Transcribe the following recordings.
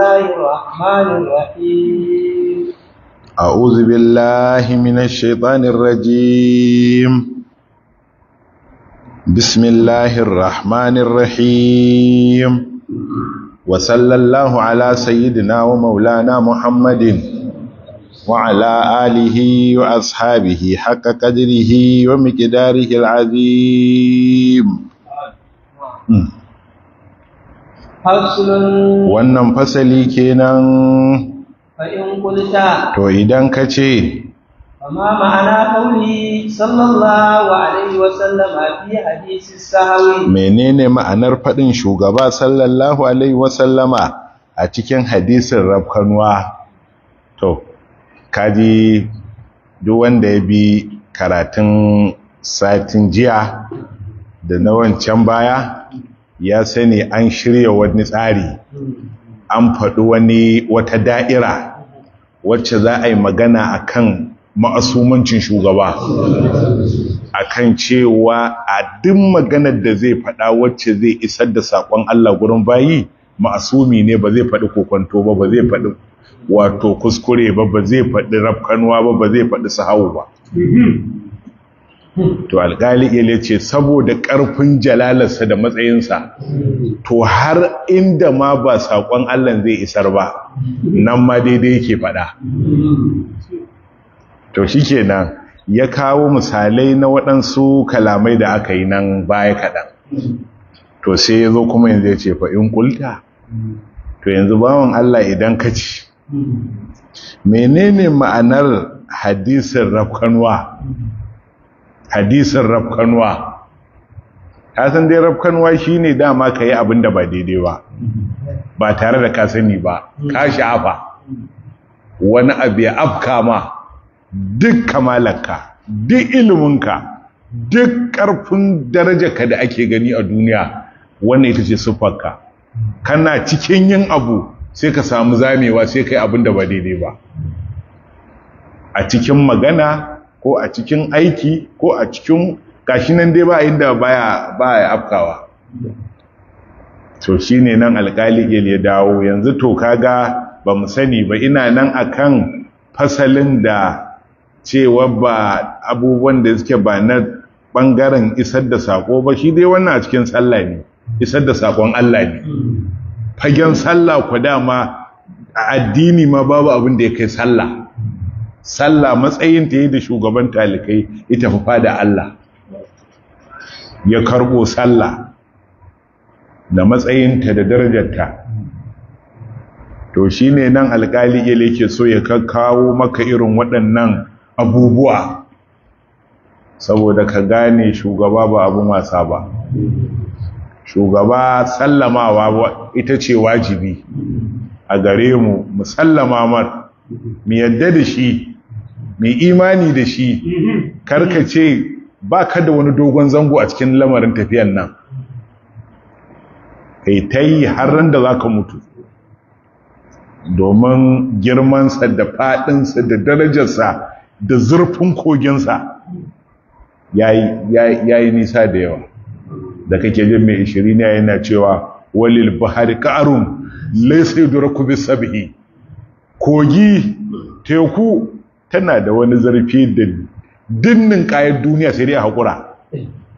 الله الرحمن الرحيم أعوذ بالله من الشيطان الرجيم بسم الله الرحمن الرحيم وصلى الله على سيدنا ومولانا محمد وعلى آله وأصحابه حق قدره ومقداره العظيم wannan fasali kenan to idan ka ce amma ma'ana kauli sallallahu alaihi a fi hadisi sahawi menene ma'anar faɗin shugaba sallallahu alaihi wasallama a cikin hadisin rafkanuwa to kaji duk wanda ya bi karatun satin jiya da na wancan baya ya sani an shirya wani tsari an faɗi wani wata da'ira wacce za a yi magana a kan ma'asumancin shugaba a kan cewa a duk maganar da zai faɗa wacce zai isar da saƙon Allah gurin bayi ma'asumi ne ba zai faɗi kokonto ba ba zai faɗi wato kuskure ba ba zai faɗi rafkanuwa ba ba zai faɗi sahau ba to alƙali ya ce saboda ƙarfin jalalarsa da matsayinsa to har inda ma ba saƙon allon zai isar ba nan ma daidai yake faɗa to shi shikenan ya kawo misalai na waɗansu kalamai da aka yi nan baya kaɗan to sai ya zo kuma yanzu ya ce fa'in ƙulta?" to yanzu bawan Allah idan ka ci menene ma'anar hadisin rafkanwa hadisin rafkanuwa kasan san dai rafkanuwa ne, dama ka yi abin da ba daidai ba ba tare da ka sani ba ka shafa. wani abu ya afka ma duk kamalarka duk iliminka duk ƙarfin darajarka da ake gani a duniya wannan ita ce siffarka kana cikin yin abu sai ka samu zamewa sai kai abin da ba daidai ba a cikin magana ko a cikin aiki ko a cikin gashi nan dai ba inda baya baya afkawa to shine nan alkali ya dawo yanzu to kaga ba mu sani ba ina nan akan fasalin da cewa ba abubuwan da suke ba na bangaren isar da sako ba shi dai wannan a cikin sallah ne isar da sakon Allah ne fagen sallah ku dama a addini ma babu abin da ya kai sallah sallah matsayin ta yi da shugaban talikai ita fafa da Allah ya karbo sallah da matsayin ta da darajarta to shine nan alkali ya yake so ya kawo maka irin waɗannan abubuwa saboda ka gane shugaba ba abin wasa ba shugaba sallamawa ita ce wajibi a gare mu mu musallama mar mu yadda da shi mai imani da shi mhm. karkace ba ka da wani dogon zango a cikin lamarin tafiyan nan kai ta yi har da za ka mutu domin girmansa da faɗinsa da darajarsa da zurfin koginsa ya yi nisa da yawa da kake jin mai ishirin yana cewa walil buhari ƙarun laisai durakubi sabi'i kogi teku tana da wani zarfi da dinnin kayan duniya sai dai a haƙura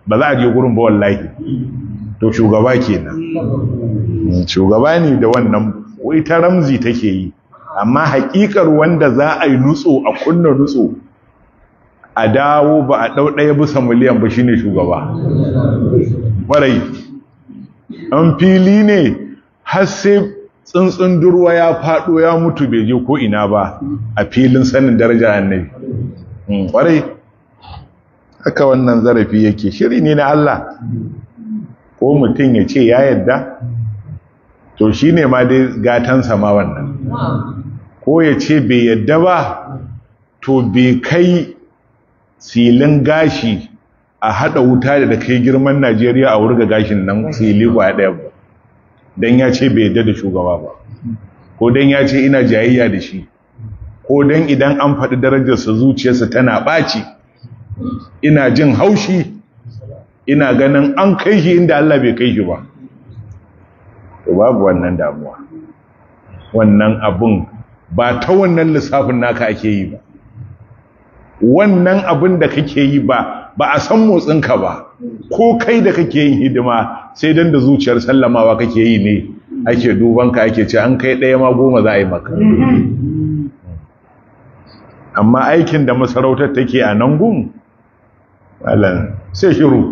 ba za a je gurin ba wallahi to shugaba kenan shugaba ne da wannan wai ta ramzi take yi amma haƙiƙar wanda za a yi nutso a kunna nutso a dawo ba a ɗau ɗaya bisa miliyan ba shine shugaba ƙwarai an fili ne har sai tsuntsun durwa ya faɗo ya mutu bai je ko ina ba a filin sanin daraja annabi hmm, ƙwarai haka wannan zarafi yake shiri ne na Allah ko mutum ya ce ya yadda to shi ma dai gatansa ma wannan ko ya ce bai yadda ba to bai kai silin gashi a haɗa wuta da kai girman najeriya a wurga gashin nan sili kwa ɗaya ba don ya ce bai yadda da shugaba ba ko don ya ce ina jayayya da shi ko don idan an faɗi darajarsa zuciyarsa tana ɓaci ina jin haushi ina ganin an kai shi inda Allah bai kai shi ba babu wannan damuwa wannan abin ba ta wannan lissafin naka ake yi ba wannan abin da kake yi ba ba a san motsinka ba ko kai da kake yin hidima sai dan da zuciyar sallamawa kake yi ne ake duban ka ake ce an kai ɗaya ma goma za a yi maka amma aikin da masarautar take a nan gun sai shiru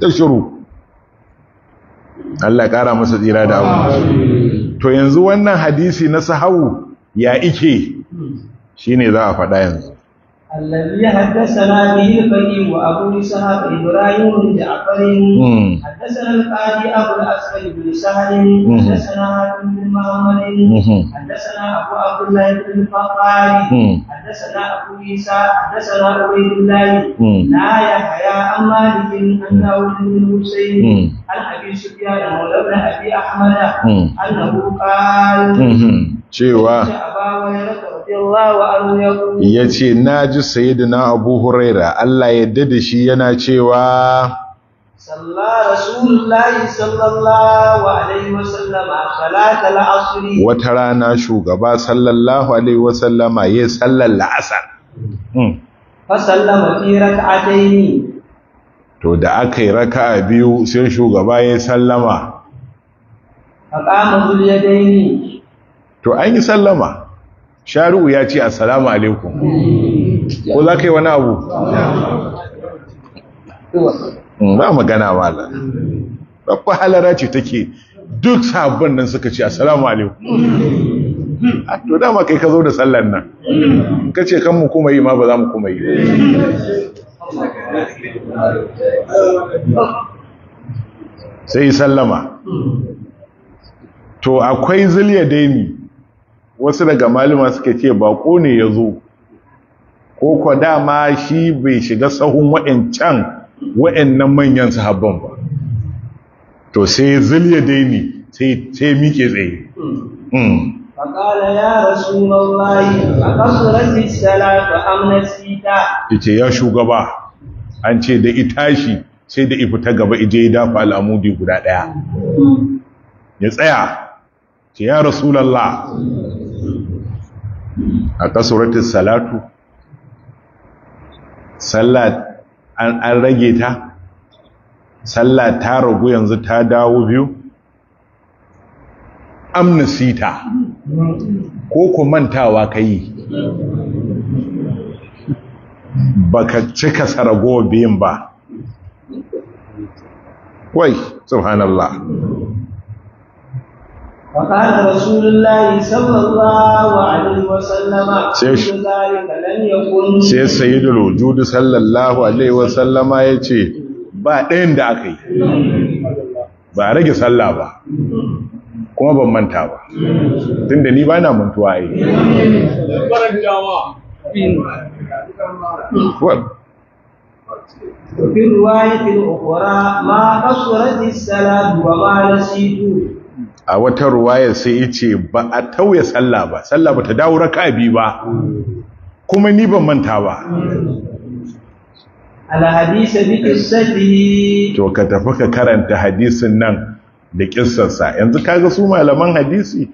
sai shiru Allah ƙara masa tsira da abu to yanzu wannan hadisi na sahau ya ike shine za a faɗa yanzu الذي حدثنا به القيم وابو اسحاق ابراهيم بن جعفر حدثنا القاضي ابو الاسود بن سهل حدثنا هارون بن محمد حدثنا ابو عبد الله بن الفقاري حدثنا ابو عيسى حدثنا عبيد الله لا يحيى عن مالك عن داود بن حسين عن ابي سفيان مولى بن ابي احمد انه قال cewa ya ce na ji sayidu na abu huraira Allah ya dada shi yana cewa wata rana shugaba sallallahu alaihi wasallama ya sallar la'asar fasallama hmm. to da aka yi raka a biyu sai shugaba ya sallama to an yi sallama shari'u ya ce assalamu alaikum ko za ka yi wani abu hmm, ba magana mala babba halara ce take duk sabon nan suka ce assalamu alaikum ah, to dama kai ka zo da sallan nan ka ce kan mu kuma yi ma ba za mu kuma yi sai sallama to akwai Zuliya daini wasu daga malama suke ce bako ne ya zo ko kwa dama shi bai shiga sahun wa'ancan wa'annan manyan sahabban ba to sai zilya daini sai mike tsaye hmm. faƙala ya rasu mallaye a kasu rasu salata sita. ita ya shugaba an ce da itashi sai da ifita gaba ije ya dafa al'amudi guda ɗaya hmm. ya tsaya ce ya rasulallah a kasurati salatu sallat an rage ta sallat ta ragu yanzu ta dawo biyu amnisita ko ku mantawa ka yi baka cika sarago biyun ba wai subhanallah وقال رسول الله صلى الله عليه وسلم سيش ذلك لن sai sayyidul wujud sallallahu alaihi wasallam yace ba ɗayan da aka yi ba rage sallah ba kuma ban manta ba tunda ni ba na mantuwa yi وفي الرواية الأخرى ما قصرت الصلاة وما نسيتوه a wata ruwaya sai ya ce ba a tauye sallah ba sallah ba ta dawo raka bi ba kuma ni ban manta ba ala hadisa bi qissatihi to ka tafi ka karanta hadisin nan da kissarsa yanzu kaga su malaman hadisi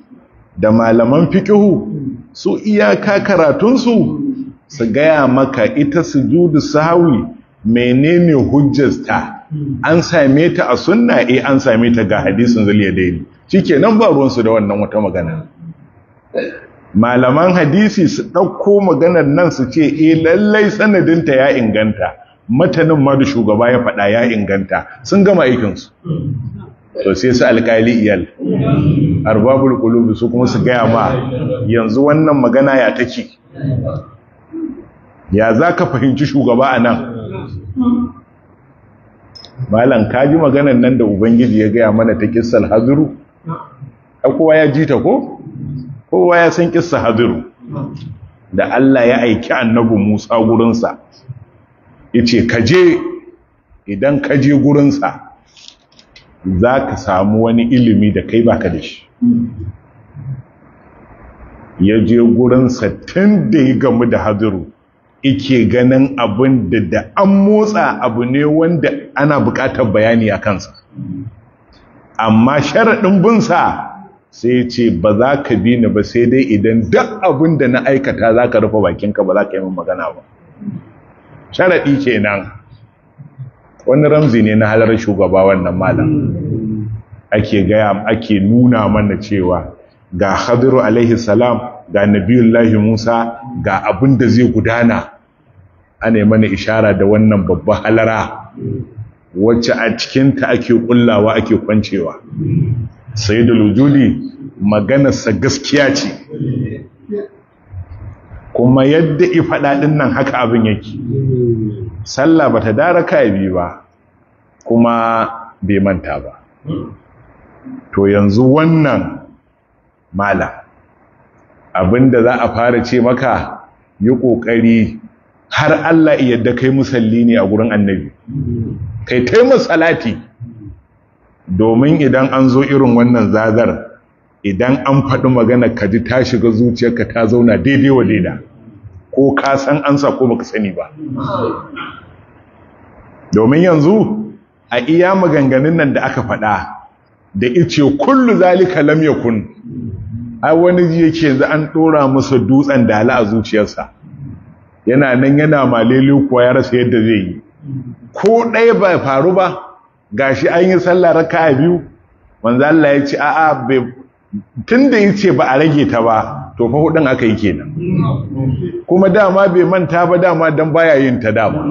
da malaman fiqhu su iyaka karatunsu su gaya maka ita sujudu sahwi menene hujjarta an same ta a sunna eh an same ta ga hadisin zaliyadaini Cike nan ba ruwansu da wannan wata magana malaman hadisi su ɗauko maganar nan su ce eh lallai sanadinta ya inganta matanin ma da shugaba ya faɗa ya inganta sun gama aikinsu to sai su alkali iyal arbabul qulubi su kuma su gaya ma yanzu wannan magana ya take ya zaka fahimci shugaba anan malam kaji maganar nan da ubangiji ya gaya mana ta kissal hazuru ai kowa ya ji ta ko kowa ya san kissa hadiru da Allah ya aiki annabi Musa gurinsa yace ka je idan ka je gurinsa za ka samu wani ilimi da kai baka da shi ya je gurinsa tun da ya gamu da hadiru ike ganin abin da da an motsa abu ne wanda ana bukatar bayani a kansa amma sharaɗin binsa sai ya ce ba za ka bi ni ba sai dai idan duk abin da na aikata za ka rufe bakinka ba za ka yi min magana ba sharaɗi kenan wani ramzi ne na halar shugaba wannan malam ake gaya ake nuna mana cewa ga hadiru alaihi salam ga nabiyullahi musa ga abin da zai gudana ana mana ishara da wannan babban halara wacce a cikinta ake kullawa ake kwancewa sayyidul wujudi maganarsa gaskiya ce kuma yadda ifaɗaɗin nan haka abin yake sallah bata ta dara biyu ba kuma bai manta ba to yanzu wannan mala abinda za a fara ce maka yi ƙoƙari har Allah yadda kai musalli ne a gurin annabi kai taimu salati domin idan an zo irin wannan zazar idan an faɗi magana ka ji ta shiga zuciyarka ta zauna daidai wa daida ko ka san ansa ko baka sani ba domin yanzu a iya maganganun nan da aka faɗa da ice kullu zalika lam yakun ai wani ji yake yanzu an dora masa dutsen dala a zuciyarsa yana nan yana malele kuwa ya rasa yadda zai yi ko ɗaya bai faru ba gashi an yi sallah raka'a biyu manzo Allah ya ce a'a bai tunda yace ba a rage ta ba to fa hudun aka yi kenan kuma dama bai manta ba dama dan baya yin ta dama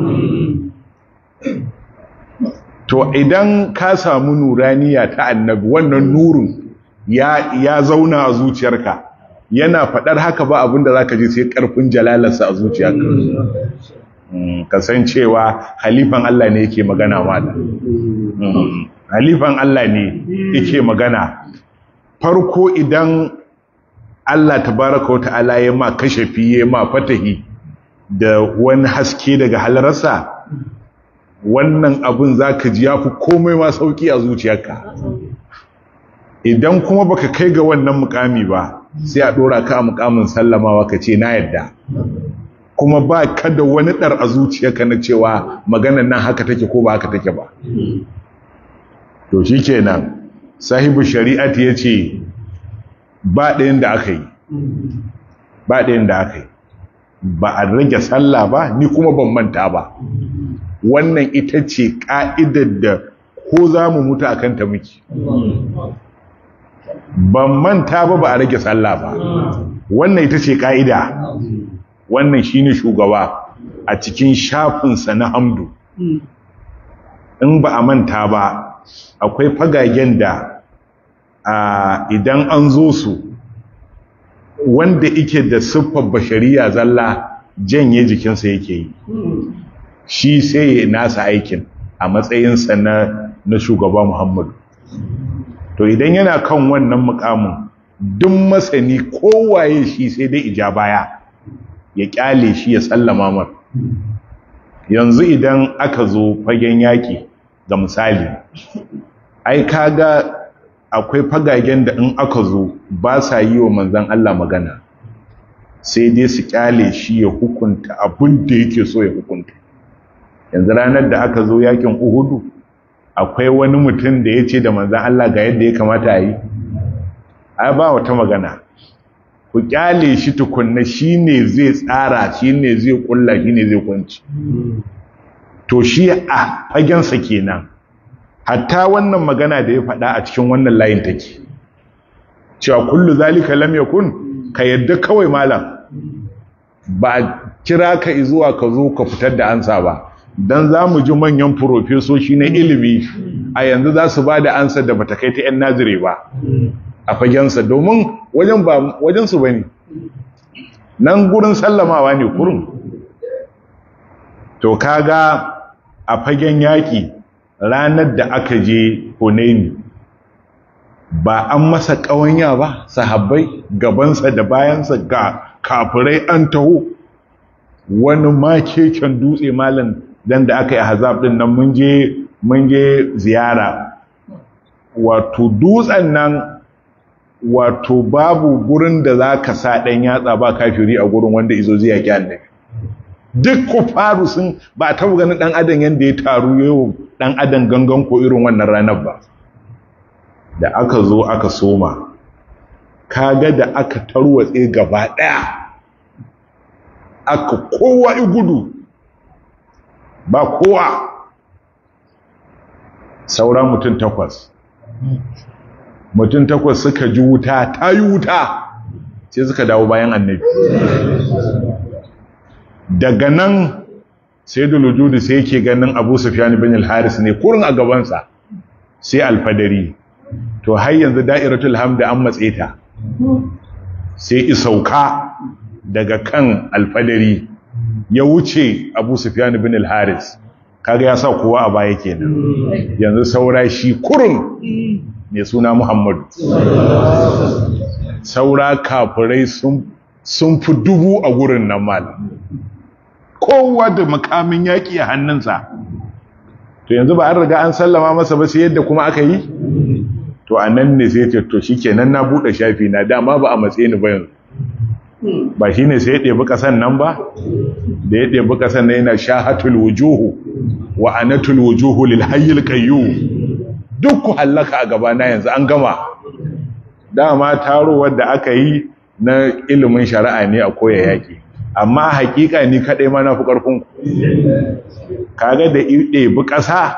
to idan ka samu nuraniya ta annabi wannan nurin ya ya zauna a zuciyarka yana faɗar haka ba abinda zaka ji sai karfin jalalarsa a zuciyarka Mm, kasancewa halifan Allah ne yake magana da. Mm, halifan Allah ne yake magana farko idan Allah tabaraka wa ta'ala ya ma kashafi ya ma fatahi da wani haske daga halarsa wannan abun zaka ji yafi komai ma sauki a zuciyarka idan kuma baka kai ga wannan mukami ba sai a dora ka a mukamin sallamawa wa kace na yadda kuma ba ka da wani ɗar a zuciyarka na cewa maganar nan haka take ko ba haka take ba to shi kenan sahibu shari'ati ya ce ba ɗayan da aka yi ba ɗayan da aka yi ba a rage sallah ba ni kuma ban manta ba wannan ita ce ƙa'idar da ko za mu mutu a kanta muke ban manta ba ba a rage sallah ba wannan ita ce ƙa'ida wannan shine shugaba a cikin shafinsa na hamdu hmm. in ba a manta ba akwai fagagen da idan an zo su wanda ike da siffar bashariya zalla janye jikinsa yake yi hmm. shi sai ya nasa aikin a matsayinsa na, na shugaba muhammadu to idan yana kan wannan mukamin duk masani kowaye shi sai dai ija baya ya kyale shi ya sallama mar yanzu idan aka zo fagen yaƙi ga misali ai kaga akwai fagagen da in aka zo ba sa yi wa manzan Allah magana sai dai su kyale shi ya hukunta abin da yake so ya hukunta yanzu ranar da aka zo yakin uhudu akwai wani mutum da ya ce da manzan Allah ga yadda ya kamata a yi ai ba wata magana ku kyale shi tukunna ne zai tsara shi ne zai kulla shi ne zai kunci to shi a fagensa kenan hatta wannan magana da ya faɗa a cikin wannan layin take cewa kullu zalika lam yakun ka yadda kawai malam ba kira ka zuwa ka zo ka fitar da ansa ba dan za mu ji manyan furofesoshi na ilimi a yanzu za su ba da ansa da bata kai ta 'yan nazire ba a fagensa domin wajen ba wajensu ba ne nan gurin sallamawa ne kurin to kaga a fagen yaƙi ranar da aka je hunaini ba an masa ƙawanya ba sahabbai gabansa da bayansa ga kafirai an taho wani can dutse malam dan da aka yi hazab din nan mun je ziyara wato dutsen nan wato babu gurin da za ka sa ɗan yatsa ba kafiri a gurin wanda izo zai yaƙi annabi duk faru sun ba ta ganin ɗan adam yadda ya taru yau ɗan adam gangan ko irin wannan ranar ba da aka zo aka soma Ka ga da aka tarwatse gaba ɗaya aka kowa gudu ba kowa sauran mutum takwas mutum takwas suka ji wuta ta yi wuta sai suka dawo bayan annabi daga nan sai dulujudu sai yake ganin abu sufyan bin al-haris ne kurin a gabansa sai alfadari to har yanzu da'iratul hamda an matse ta sai isauka daga kan alfadari ya wuce abu sufyan bin al-haris kaga ya sa kowa a baya kenan yanzu saura shi kurin mai suna muhammadu saura kafirai sun fi dubu a wurin nan malam kowa da makamin yaƙi a hannunsa to yanzu ba an riga an sallama masa ba sai yadda kuma aka yi to a nan ne sai ce to shi kenan na buɗe shafi na dama ba a matse ni bayan. ba shi ne sai ya ɗebi ƙasan nan ba da ya ɗebi ƙasan na yana shahatul wujuhu wa anatul wujuhu lil hayyul qayyum duk ku hallaka a gabana yanzu an gama dama taruwar da aka yi na ilimin shari'a ne a koya yaki amma hakika ni kaɗai ma na fi ƙarfin kaga da ɗebi ƙasa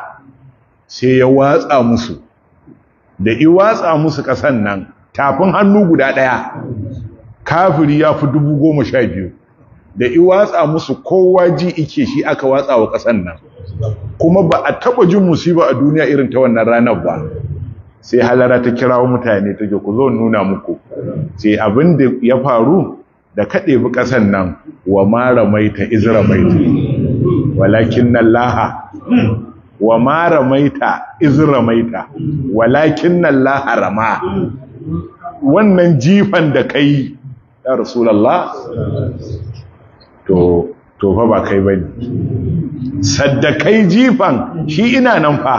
sai ya watsa musu da i watsa musu ƙasan nan tafin hannu guda ɗaya kafiri ya fi dubu goma sha biyu da i watsa musu kowa ji ike shi aka watsa wa ƙasan nan kuma ba a taɓa jin musiba a duniya irin ta wannan ranar ba sai halara ta kirawo mutane take ku zo nuna muku sai abin da ya faru da kaɗe bi ƙasan nan wa ta ramaita mai ta walakin laha wa ta ramaita mai ta walakin laha rama wannan jifan da kai ya rasulullah to to fa ba kai bane saddakai jifan shi ina nan fa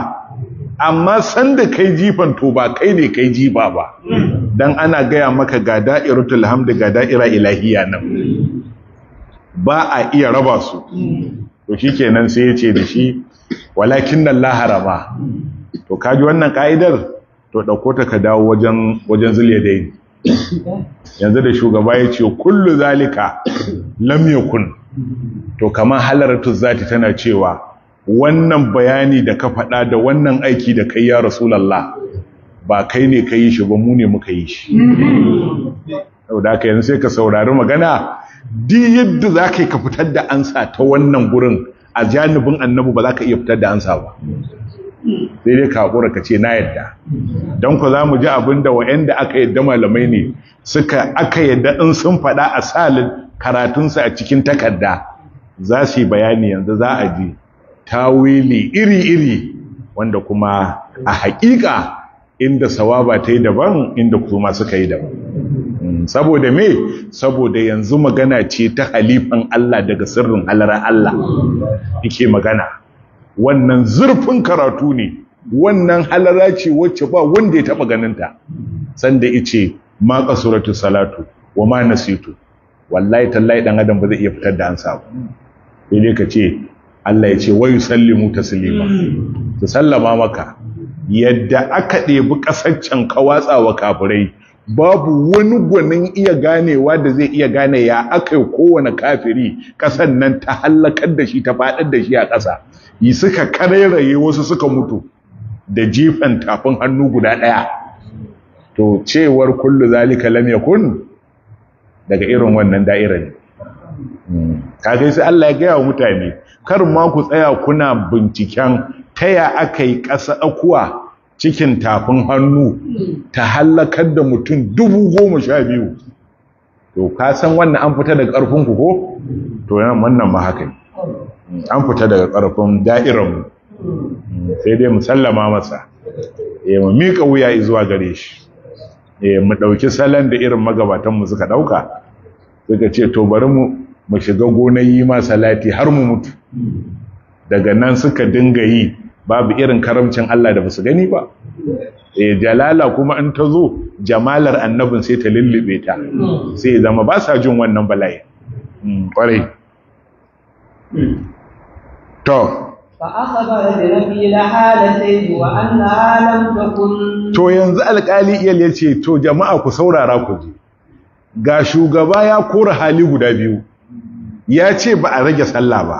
amma sanda kai jifan to ba kai ne kai jifa ba dan ana gaya maka ga da'iratul hamd ga da'ira ilahiya nan ba a iya raba su to shikenan sai yace da shi walakin Allah laharama to kaji wannan ka'idar to dauko ta ka dawo wajen wajen dai. yanzu da shugaba ya ce kullu zalika lam yakun to kamar halaratu zati tana cewa wannan bayani da ka faɗa da wannan aiki da kai ya rasulullah ba kai ne ka yi shi ba mu ne muka yi shi saboda haka yanzu sai ka saurari magana di yadda za ka ka fitar da ansa ta wannan gurin a janibin annabi ba za ka iya fitar da ansa ba sai dai kakura ka ce na yadda don ku za mu ji abinda da wa'anda aka yadda malamai ne suka aka yadda in sun faɗa a salin karatunsa a cikin takarda za su yi bayani yanzu za a ji tawili iri-iri wanda kuma a haƙiƙa inda sawaba ta yi daban inda kuma suka yi daban mm, saboda me saboda yanzu magana ce ta halifan Allah daga sirrin halarar Allah yake magana wannan zurfin karatu ne wannan halara ce wacce ba wanda ya taba ganinta sanda yace ma qasuratu salatu wa ma nasitu wallahi tallahi dan adam ba zai iya fitar da ansa ba sai dai ka ce Allah ya ce wa yusallimu taslima su sallama maka yadda aka ɗebi ƙasaccen watsawa kafirai babu wani gwanin iya ganewa da zai iya gane ya aka kowane kafiri ƙasan nan ta hallakar da shi ta faɗar da shi a ƙasa yi suka karairaye wasu suka mutu da jifan tafin hannu guda ɗaya to cewar kullu zalika lam yakun daga irin wannan da'irar hmm. kaga sai Allah ya gaya wa mutane kar ma ku tsaya kuna binciken ta ya aka yi ƙasa akuwa cikin tafin hannu ta hallakar da mutum dubu goma sha biyu to ka san wannan an fita daga ƙarfinku ko to yana wannan ma haka an fita daga ƙarfin da'iranmu sai dai mu sallama masa eh mu mika wuya zuwa gare shi eh mu dauki salon da irin magabatan mu suka dauka suka ce to bari mu mu shiga gonayi ma salati har mu mutu daga nan suka dinga yi babu irin karamcin Allah da basu gani ba eh jalala kuma in ta zo jamalar annabin sai ta lullube ta sai zama ba sa jin wannan bala'i kwarai hmm, to to yanzu alkali iyal ya ce to jama'a ku saurara ku ji ga shugaba ya kora hali guda biyu ya ce ba a rage sallah ba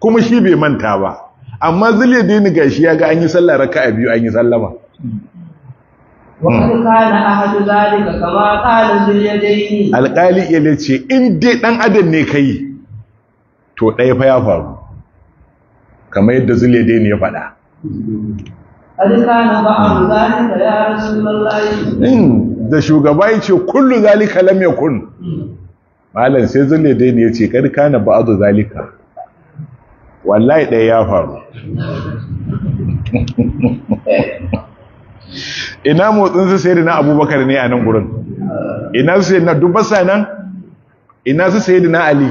kuma shi bai manta ba amma zile dini gashi ya ga an yi sallah raka'a biyu an yi sallama alƙali ya ce in dai ɗan adam ne ka yi to ɗaya fa ya faru kamar yadda zile dai ne ya faɗa hmm, da shugaba ya ce kullu zalika hmm. malam sai zile dai ne ya ce ƙarƙa na ba'adu zalika wallahi ɗaya ya faru ina motsin su da na abubakar ne a nan gurin ina su sai na sa nan ina su da na ali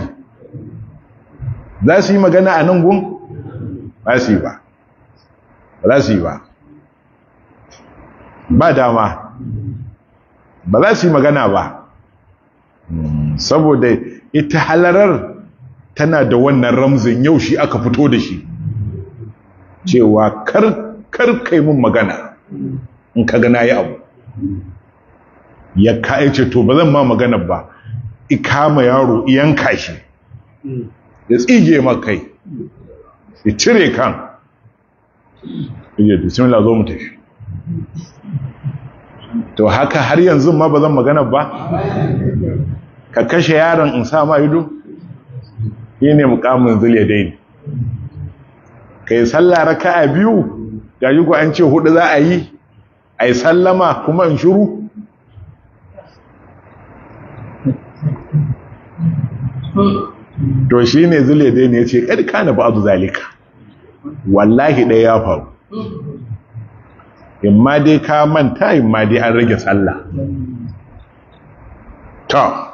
za su yi magana a nan gun ba su yi ba ba za su yi ba ba dama ba za su yi magana ba hmm, saboda ita halarar tana da wannan ramzin yau shi aka fito da shi cewa kar kar kai mun magana in ka gana yi abu ya kai ce to ba zan ma magana ba ikama yaro iyanka shi ya tsige makai ya cire kan ya bismillah zo mu tafi to haka har yanzu ma ba zan magana ba ka kashe yaron in sa ma ido shine mukamin zul kai sallah raka'a biyu gaji ku an ce hudu za a yi ai sallama kuma in shiru to shine zul yadayn yace kad kana ba'du zalika wallahi ɗaya ya faru in ma dai ka manta in ma dai an rage sallah Ta.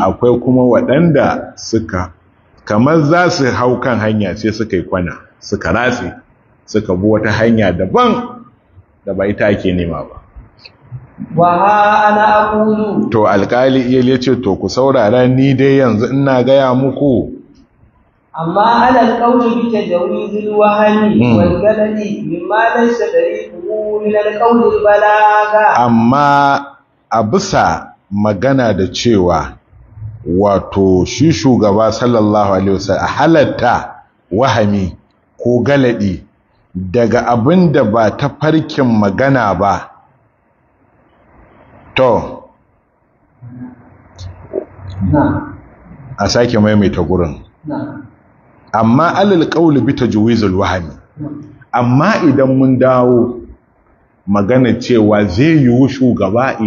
akwai kuma waɗanda suka kamar za su hau kan hanya sai suka yi kwana suka ratse suka bi wata hanya daban da bai ta ke nema ba ana to alkali iya ce to ku saurara ni dai yanzu ina gaya muku Amma أما على القول بتجاوز الوهن والجلل مما ليس طريقه من القول Amma a bisa magana da cewa wato shi shugaba sallallahu alaihi wasallam halatta wahami ko galadi daga abin da ba ta farkin magana ba to a sake maimaita gurin amma alal qawli bi tajwizul wahmi amma idan mun dawo magana cewa zai yiwu shugaba i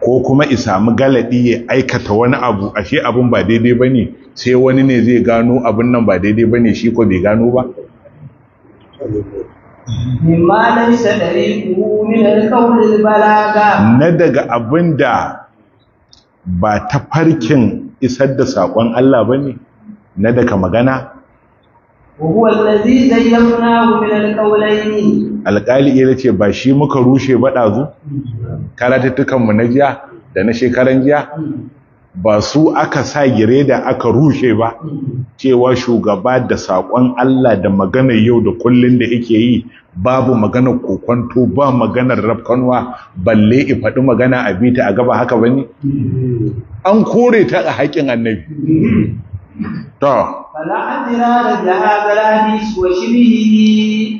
ko kuma i sami galadi ya aikata wani abu ashe abun ba daidai ba ne, sai wani ne zai gano abun nan ba daidai ba ne shi ko bai gano ba na daga abin da ba ta farkin isar da saƙon Allah ba ne na daga magana alƙali iya ce ba shi muka rushe ba ɗazu karatattukanmu na jiya da na shekaran jiya ba su aka sa gire da aka rushe ba cewa shugaba da saƙon Allah da magana yau da kullun da yake yi babu maganar kokonto ba maganar rafkanwa balle i faɗi magana a bita a gaba haka bane an kore ta a haƙin annabi to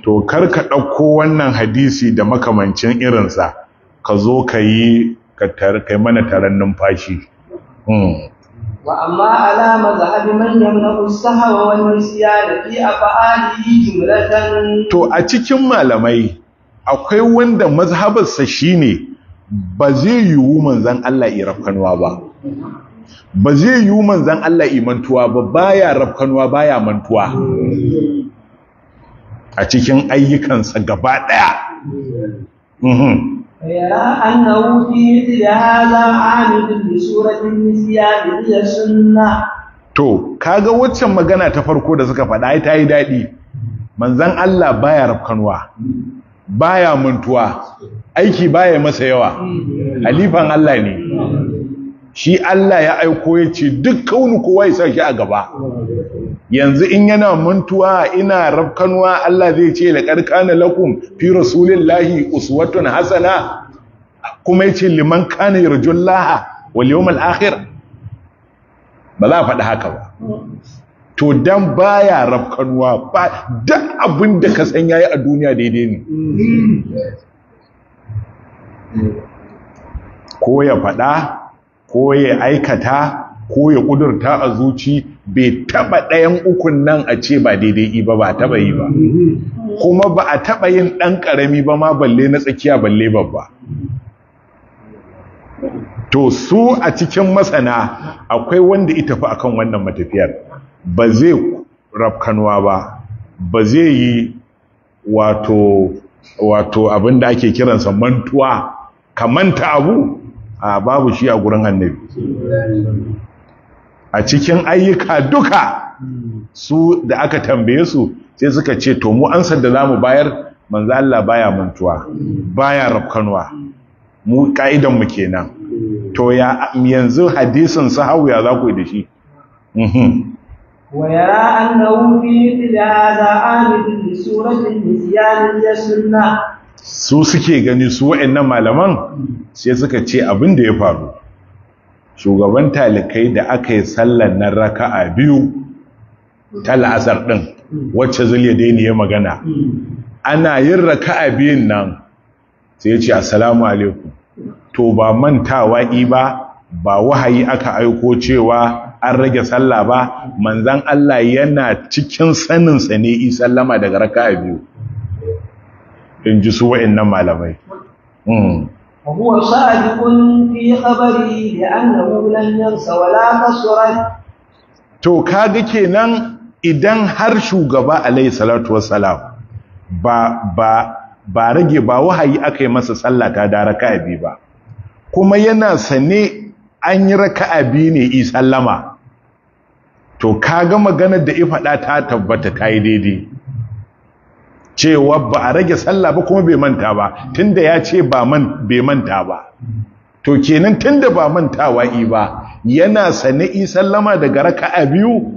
to kar ka ɗauko wannan hadisi da makamancin irinsa ka zo ka yi ka mana taron numfashi Hmm. Amma وأما على مذهب من يمنع السهو fi afa'alihi jumlatan To a cikin malamai akwai wanda mazhabarsa shine ba zai yiwu manzan Allah i rafkanuwa ba ba zai yiwu manzan Allah i mantuwa ba baya rafkanuwa baya mantuwa a cikin ayyukansa gaba daya hmm. فيرى أنه في مثل هذا عامل بصورة النسيان هي السنة To, kaga waccan magana ta farko da suka faɗa ta yi daɗi, manzan Allah baya rafkanuwa, baya muntuwa, aiki baya masa yawa, hmm. halifan Allah ne. shi Allah ya aiko ya ce duk kaunu kowa ya sashi a gaba yanzu in yana mantuwa ina rafkanuwa Allah zai ce laqad kana lakum fi rasulillahi uswatun hasana kuma yace liman kana yarjullaha wal yawmal akhir ba za a faɗi haka ba to dan baya rafkanuwa ba duk abin da ka san yayi a duniya daidai ne mm-hmm. ko ya faɗa ko ya aikata ko ya kudurta a zuci bai taba ɗayan ukun nan a ce ba daidai ba ba taba yi ba kuma ba a taba yin ɗan ƙarami ba ma balle na tsakiya balle babba to su a cikin masana akwai wanda ita fi akan wannan matafiyar ba zai rafkanuwa ba ba zai yi wato wato abin da ake kiransa mantuwa ka manta abu a babu shi a gurin annabi a cikin ayyuka duka su da aka tambaye su sai suka ce to mu ansar da zamu bayar manzo Allah baya mantuwa baya rafkanwa mu ka'idan mu kenan to ya yanzu hadisin sahau ya za ku yi da shi mhm. annahu fi ila هذا عامل suratin النسيان ya sunna su suke gani su wa'annan malaman sai suka ce abin da ya faru shugaban talikai da aka yi sallar na raka'a biyu ta la'asar ɗin wacce zuliyadaini ya magana ana yin raka'a biyun nan sai ya ce assalamu alaikum to ba mantawa ba ba wahayi aka aiko cewa an rage sallah ba manzan Allah yana cikin sanin ne sallama daga raka'a biyu in ji su nan malamai to ka ga خبره لأنه to kaga kenan idan har shugaba alayhi salatu wassalam ba ba rage ba wahayi aka yi masa tsalla ta da ka'abi ba kuma yana sane an yi raka'a bi ne yi sallama to ga maganar da ifaɗa ta tabbata ta yi daidai cewa ba a rage sallah ba kuma bai manta ba tunda ya ce ba man bai manta ba to kenan tunda ba mantawa yi ba yana sane i sallama daga raka'a biyu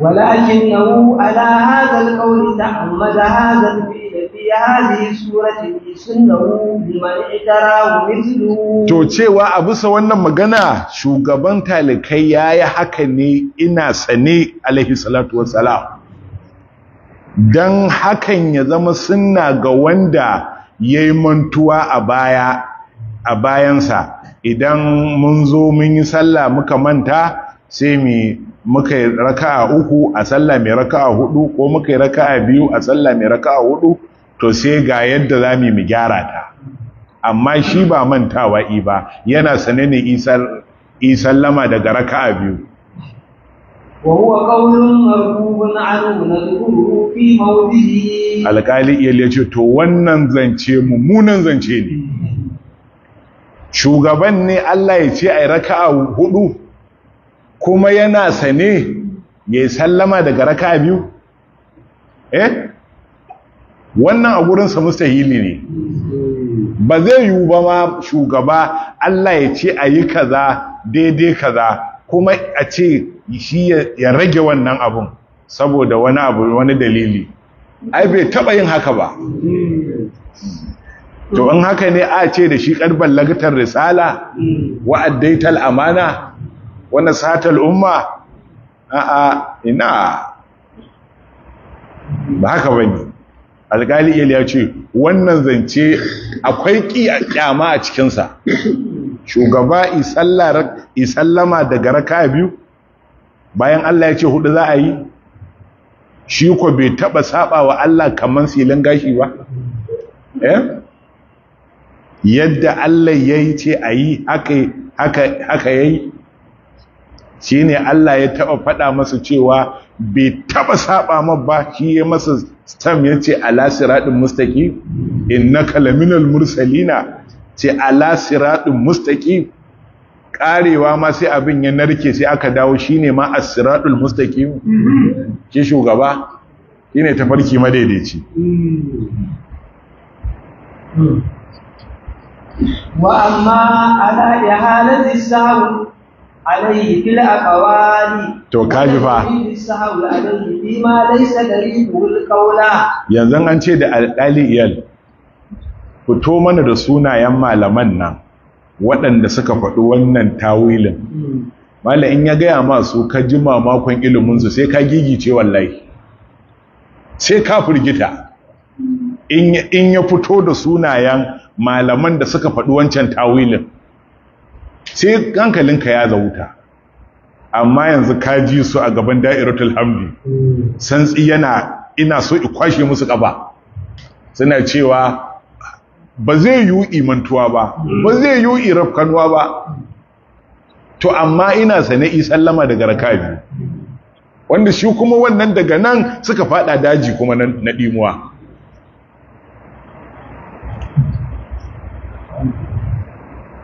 ولكنه على هذا القول تعمد هذا الفعل to cewa a bisa wannan magana shugaban talikai yayi haka ne ina sane alaihi salatu wassalam dan hakan ya zama sunna ga wanda yayi mantuwa a baya a bayansa idan mun zo mun yi sallah muka manta sai mu muka yi raka'a uku a sallah mai raka'a hudu ko muka yi raka'a biyu a sallah mai raka'a hudu to sai ga yadda za mu gyara ta amma shi ba mantawa i ba yana sane ne isa lama daga raka a biyu alƙali iya ya to wannan zance mummunan zance ne shugaban ne Allah ya ce raka raka'a hudu kuma yana sane mai sallama daga raka'a biyu eh wannan a gurinsa mustahili ne ba zai yiwu ba ma shugaba Allah ya ce a yi kaza daidai kaza kuma a ce shi ya rage wannan abun saboda wani abu wani dalili ai bai taba yin haka ba to in haka ne a ce da shi karban lagatar risala wa'addaital amana Wani satar umma a'a ina ba haka bane Alƙali iya ya ce wannan zance akwai ƙi a ƙyama a cikinsa shugaba isallama daga raka biyu bayan Allah ya ce hudu za a yi shi ko bai taɓa saɓa wa Allah kamar silin gashi ba eh? yadda Allah ya yi ce a yi haka ya yi shi ne Allah ya taɓa faɗa masa cewa bai taɓa saɓa ma ba shi ya masa sam ya ce ala siraɗin mustaƙi na Kalaminal mursalina ce ala siraɗin mustaƙi ƙarewa ma sai abin ya narke sai aka dawo shi ne ma a siratul mustaqim ke shugaba ta farki madaidaici wa amma ala ihalati sahw عليه في to kaji fa yanzu an ce da alƙali iyal fito mana da sunayen malaman nan waɗanda suka faɗi wannan tawilin mala in ya gaya masu ka ji makon iliminsu sai ka gigice wallahi sai ka firgita in ya fito da sunayen malaman da suka faɗi wancan tawilin sai hankalinka ya zauta amma yanzu ka ji su a gaban da'iratul hamdi santsi yana ina so i kwashe musu kaba suna cewa ba zai yi imantuwa ba ba zai yi irafkanuwa ba to amma ina sane sallama daga rakabi wanda shi kuma wannan daga nan suka fada daji kuma na dimuwa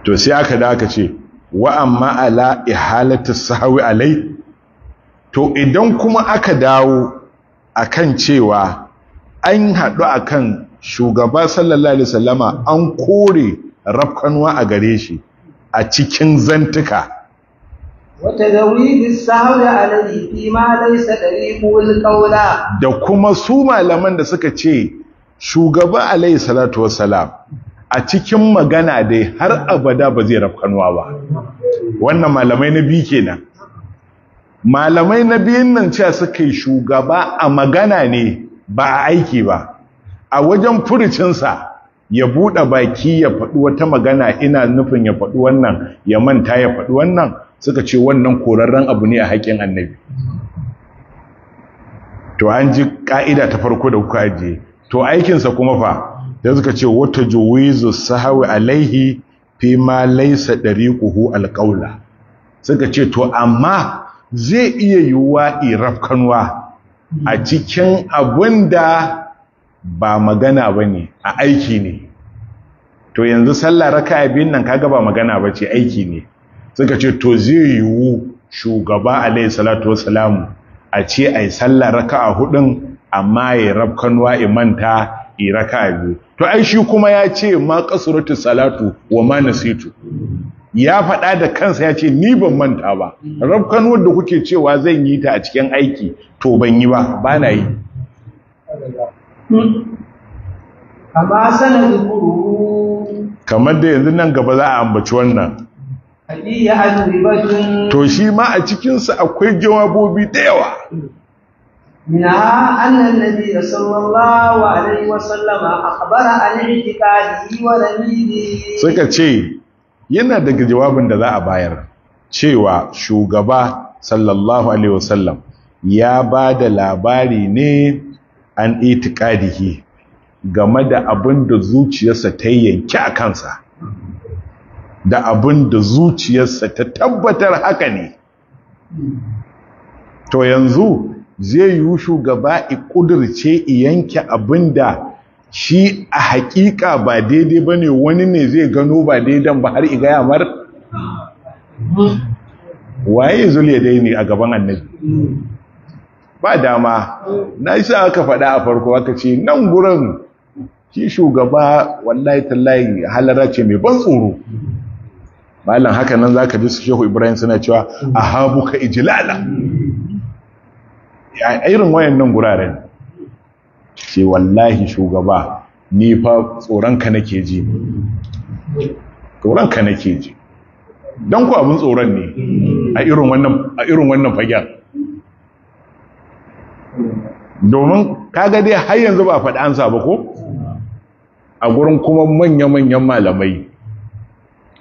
to sai aka da aka ce wa amma ala ihalatu sahawi alai to idan kuma aka dawo akan cewa an haɗu akan shugaba sallallahu alaihi wasallama an kore rafkanwa a gare shi a cikin zantuka da kuma su malaman da suka ce shugaba alaihi salatu wasalam a cikin magana dai har abada ba zai rafkanuwa ba wannan malamai na biyu kenan malamai na biyun nan cewa suka yi shugaba a magana ne ba a aiki ba a wajen furucinsa ya buɗe baki ya faɗi wata magana ina nufin ya faɗi wannan ya manta ya faɗi wannan suka ce wannan korarren abu ne a haƙƙin annabi to an ji ƙa'ida ta farko da kuka je to aikinsa kuma fa Ya suka ce wata juwizu sahawi alaihi fi ma laisa dariquhu alqaula suka ce to amma zai iya yiwuwa irafkanwa a cikin da ba magana bane a aiki ne to yanzu sallah raka'a biyun nan kaga ba magana bace aiki ne suka ce to zai yiwu shugaba alaihi salatu wassalamu a ce ai sallah raka'a hudun amma ya rafkanwa imanta iraka biyu to ai shi kuma ya ce ma kasuratu salatu wa ma nasitu ya faɗa da kansa ya ce ni ban manta ba rabkan wanda kuke cewa zan yi ta a cikin aiki to ban yi ba ba na yi kamar da yanzu nan gaba za a ambaci wannan to shi ma a cikinsa akwai jawabobi da yawa منها أن النبي صلى الله عليه وسلم أخبر عن اعتقاده ورميده سيكا تشي ينا دك جواب da za a bayar cewa shugaba sallallahu alaihi wasallam ya ba da labari ني an itikadihi game da abin da zuciyarsa ta yanki a kansa da abin da zuciyarsa ta tabbatar haka ne to yanzu zai yiwu shugaba i ƙudurce i yanke abin da shi a haƙiƙa ba daidai ba ne wani ne zai gano ba daidan ba har iga yamar. waye zuliya dai ne a gaban annabi ba dama na sa aka faɗa a farko aka ce nan gurin shi shugaba wallahi tallahi halara ce mai ban tsoro malam haka nan za ka ji su shehu ibrahim suna cewa a habuka ijilala a irin wayan nan guraren ce wallahi shugaba ni fa tsoronka nake ji tsoronka nake ji don ku abin tsoron ne a irin wannan a irin wannan fagen domin kaga dai har yanzu ba faɗi ansa ba ko a gurin kuma manya-manyan malamai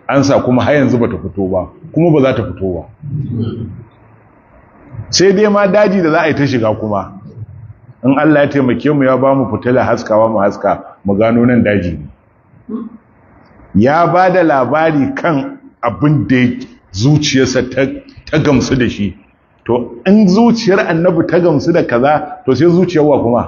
an sa kuma har yanzu ba ta fito ba kuma ba za ta fito ba sai dai ma daji da za a yi ta shiga kuma in Allah ya taimake mu ya ba mu fitila haskawa mu haska mu gano nan daji ya ba da labari kan abin da zuciyarsa ta gamsu da shi to in zuciyar annabi ta gamsu da kaza to sai zuciyarwa kuma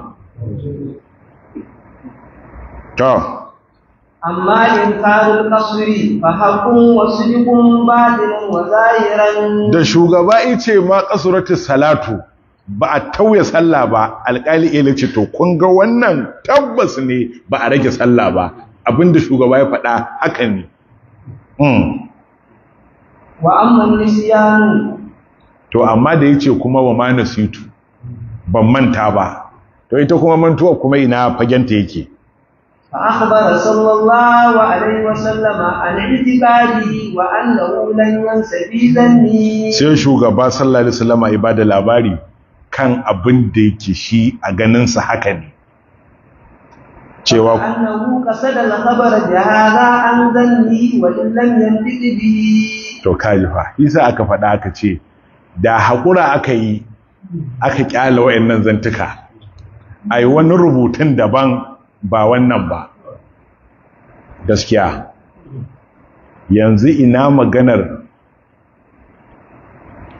Amma أما إنكار القصر فحق وصدق باطن وظاهرا da shugaba yace ma qasuratu salatu ba a tauye sallah ba alƙali ila ce to kun ga wannan tabbas ne ba a rage sallah ba abinda shugaba ya faɗa haka ne hmm. wa amman nisyan to amma da yace kuma wa ma ban manta ba to ita kuma mantuwa kuma ina fagenta yake فأخبر صلى الله عليه وسلم عن اعتباره وأنه لن ينسى في ذنبه sai shugaba sallallahu alaihi wasallam ibada labari kan abin da yake shi a ganin sa haka ne cewa annahu qasada al-khabara bi to kaji fa isa aka faɗa aka ce da hakura aka yi aka kyala wayannan zantuka ai wani rubutun daban ba wannan ba gaskiya yanzu ina maganar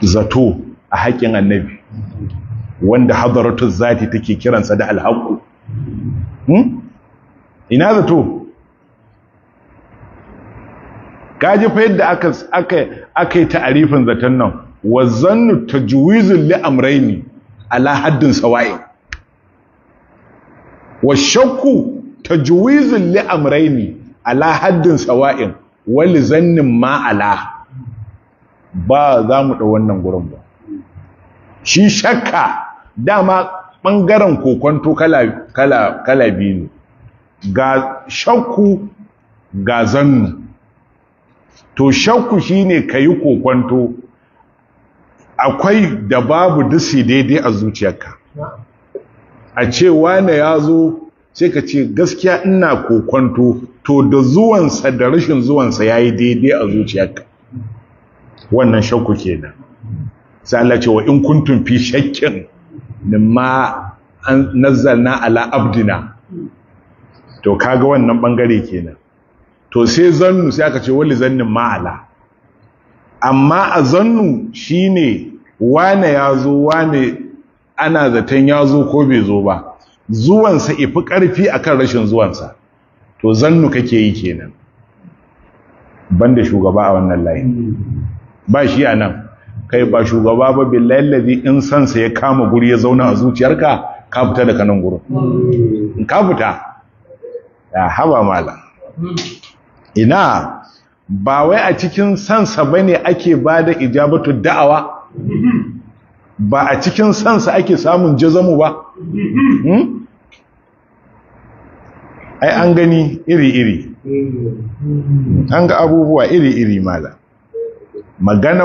zato a haƙƙin annabi wanda hadaratun zati take kiransa da alhaƙu hmm? ina zato kaji fa yadda aka aka yi ta'arifin zaton nan wa zannu tajwizul li amrayni ala haddin sawa'i wa shakku tajwizul li amraini ala haddin sawa'in wal zannin ma ala ba za mu da wannan gurin ba shi shakka dama bangaren kokonto kala kala kala biyu ga shakku ga zannu to shakku shine kayi kokonto akwai da babu disi daidai a zuciyarka a ce wane ya zo sai ka ce gaskiya ina kokwanto to da zuwansa da rashin zuwansa ya yi daidai a zuciyarka wannan shakku kenan sai Allah ce wa in kuntum fi shakkin mimma an nazzalna ala abdina to kaga wannan bangare kenan to sai zannu sai aka ce wali zannin ma'ala amma a zannu shine wane ya zo wane ana zaton ya zo ko bai zo ba zuwansa ifi ƙarfi kan rashin zuwansa to zannu kake yi kenan banda shugaba a wannan layi ba shi a nan kai ba shugaba ba billahi lazi in sansa ya kama guri ya zauna a zuciyarka ka fita daga nan gurin in ka fita ya haba mala ina ba wai a cikin sansa bane ake da ijabatu da'awa ba a cikin sansa ake samun jazamu ba hmm? ai an gani iri-iri an ga abubuwa iri-iri mala magana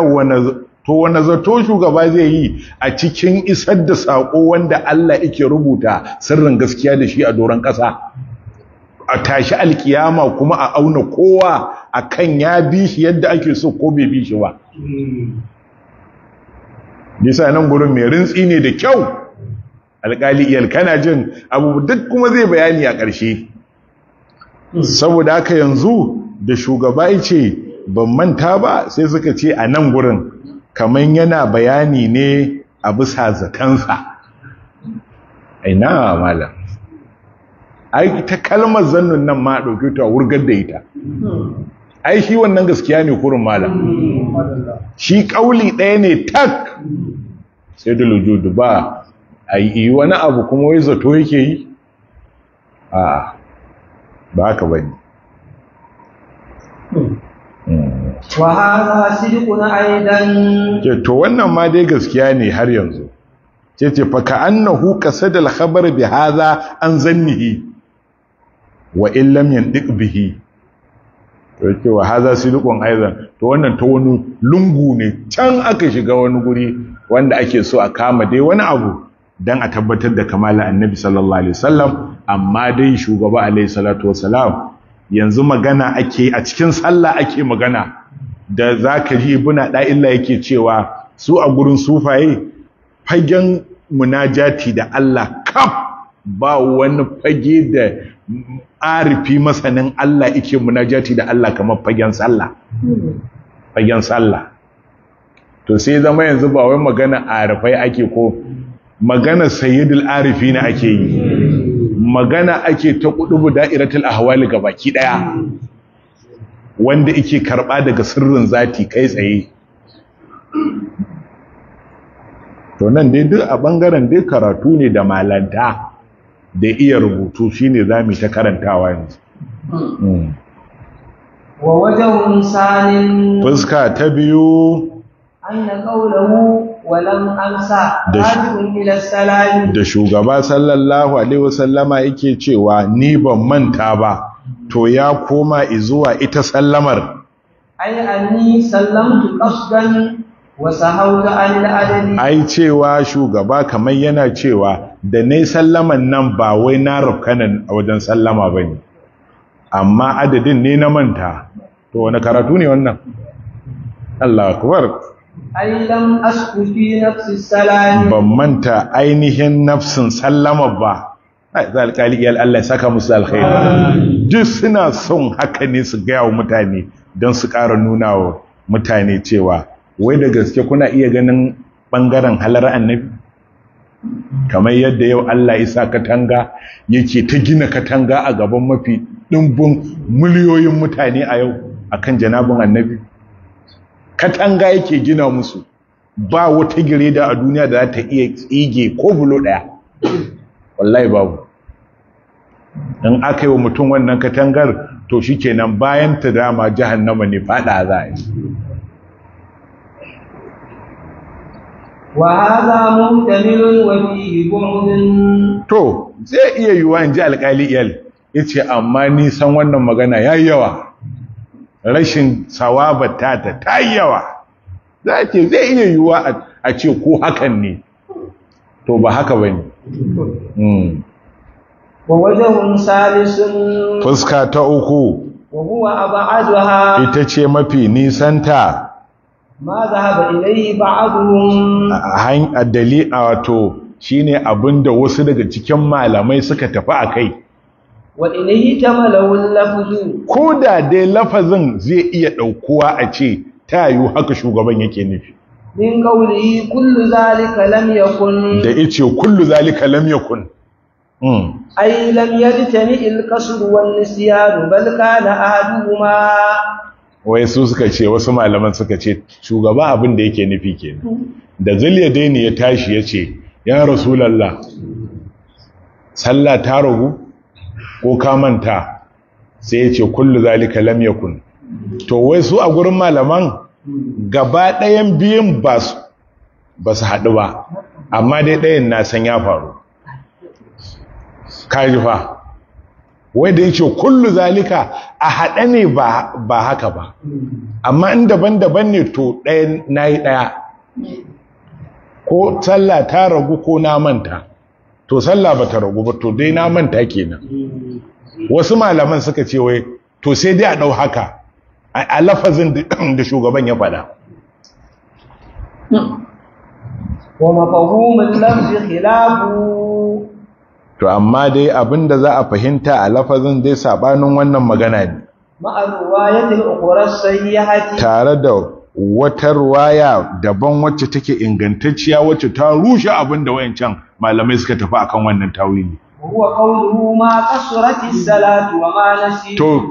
to wani zato shugaba zai yi a cikin isar da sako wanda Allah yake rubuta sirrin gaskiya da shi a doron ƙasa a tashi alkiyama kuma a auna kowa akan ya bi shi yadda ake so ko bai bi shi ba nisa nan gurin mai rintsi ne da kyau alƙali iyal kana jin abu duk kuma zai bayani a ƙarshe saboda haka yanzu da shugaba ce ban manta ba sai suka ce a nan gurin kamar yana bayani ne a bisa zakansa aina malam ai ta kalmar zannun nan ma ɗauki ta wurgar da ita ai shi wannan gaskiya ne kurin malam shi kauli ɗaya ne tak sai da lujudu ba a yi wani abu kuma wai zato yake yi a ba haka ba ne hmm. wa haza sidquna aidan ke to wannan ma dai gaskiya ne har yanzu ce ce fa ka'annahu qasada al-khabar bi bihaza an zannihi wa illam lam bihi to yake wa haza sidqun aizan to wannan ta wani lungu ne can aka shiga wani guri wanda ake so a kama dai wani abu Don a tabbatar da kamala annabi sallallahu alaihi wasallam amma dai shugaba alaihi salatu wasalam yanzu magana ake a cikin sallah ake magana da za ka ji buna illa yake cewa su a gurin sufaye fagen munajati da Allah kaf ba wani fage da arifi masanin Allah ike munajati da Allah kamar fagen sallah fagen sallah to sai zama yanzu ba wai magana arifai ake ko magana sayyidul arifi ne ake yi magana ake ta kudubu da'iratul ahwali baki daya wanda ike karba daga sirrin zati kai tsaye to nan dai duk a bangaren dai karatu ne da malanta da iya rubutu shine zamu ta karantawa yanzu hmm. wa wajhun sanin fuska ta biyu aina qawluhu walam amsa hadun ila salami da shugaba sallallahu alaihi wasallama yake cewa ni ban manta ba to ya koma izuwa ita sallamar ai anni sallamtu qasdan wa sahawta an adali ai cewa shugaba kamar yana cewa da ne sallaman nan ba wai na rukkanin a wajen sallama ba ne amma adadin ne na manta to wani karatu ne wannan Allah kuwar Ailam askufi nafsin salami ban manta ainihin nafsin sallama ba za alƙali ya Allah ya saka musu alkhairi duk suna son haka ne su gaya wa mutane don su ƙara nuna wa mutane cewa wai da gaske kuna iya ganin ɓangaren halar annabi kamar yadda yau Allah ya sa katanga yake ta gina katanga a gaban mafi ɗimbin miliyoyin mutane a yau a kan janabin annabi katanga yake gina musu ba wata gireda a duniya da za ta iya tsige ko bulo ɗaya wallahi babu in aka yi wa mutum wannan katangar to shi kenan bayan ta dama jahannama ne faɗa za a yi وهذا محتمل وفيه بعد تو zai iya yiwuwa in ji alƙali iyal ya ce amma nisan wannan magana ya yawa rashin sawaba ta ta ta yawa za ce zai iya yiwuwa a ce ko hakan ne to ba haka ba ne hmm. fuska ta uku ita ce mafi nisanta ma zahaba ilayhi ba'dhum han addali wato shine abinda wasu daga cikin malamai suka tafi akai wa ilayhi tamalawul lafzu ko da dai lafazin zai iya daukuwa a ce ta yiwu haka shugaban yake nufi min qawli kullu zalika lam yakun da yace kullu zalika lam yakun hmm. ai lam yajtami al-kasr wan nisyan bal kana ahaduhuma wai su suka ce wasu malaman suka ce shugaba abin da yake nufi kenan da zuliyadaini ya tashi ya ce ya rasulallah sallah ta ragu ko ka manta sai ya ce kullu zalika lam yakun to wai su a gurin malaman gaba ɗayan biyun ba su haɗu ba amma dai ɗayan na san ya faru kaji fa wai da ya ce kullu zalika a haɗa ne ba haka ba amma in daban-daban ne to ɗaya na yi ɗaya ko sallah ta ragu ko na manta to sallah ba ta ragu ba to dai na manta kenan wasu malaman suka ce wai to sai dai a ɗau haka a lafazin da shugaban ya faɗa wa mafahumin lamshi khilafu to amma dai abin da za a fahimta a lafazin dai sabanin wannan magana ne tare da wata ruwaya daban wacce take ingantacciya wacce ta rushe abin da wayancan malamai suka tafi akan wannan tawili to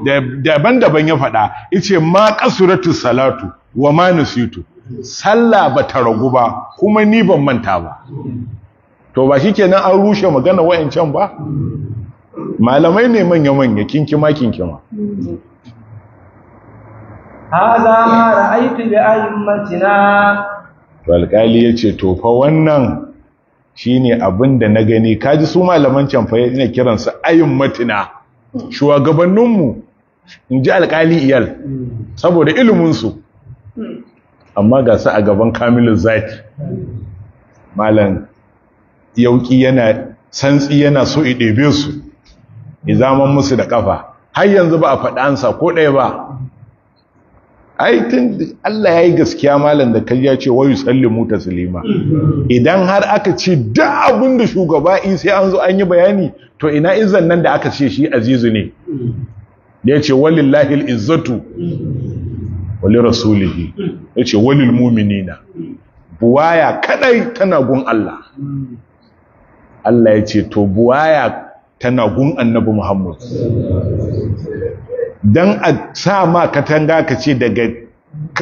daban-daban ya faɗa ice ma qasurati salatu wa ma nasitu sallah bata ragu ba kuma ni ban manta ba to ba shi kenan an rushe magana wa'ancan ba malamai ne manya-manya kinkima kinkima haza ma ra'aitu bi a'immatina alƙali ya ce to fa wannan shine abin da na gani kaji su malaman can fa yana kiransu a'immatina shugabanninmu in ji alƙali iyal saboda iliminsu amma ga su a gaban kamilin zaki malam yauki yana santsi yana so ɗebe su izaman musu da kafa har yanzu ba a faɗi ansa ko ɗaya ba ai tun Allah ya yi gaskiya malam da kai ya ce wayu sallimu taslima idan har aka ce da abin da shugaba in sai an zo an yi bayani to ina izan nan da aka ce shi azizu ne da ya ce walillahi al-izzatu wali rasulihi ya ce walil mu'minina buwaya kadai tana gun Allah Allah ya ce to buwaya tana gun annabi Muhammad dan a sa ma katanga ka ce daga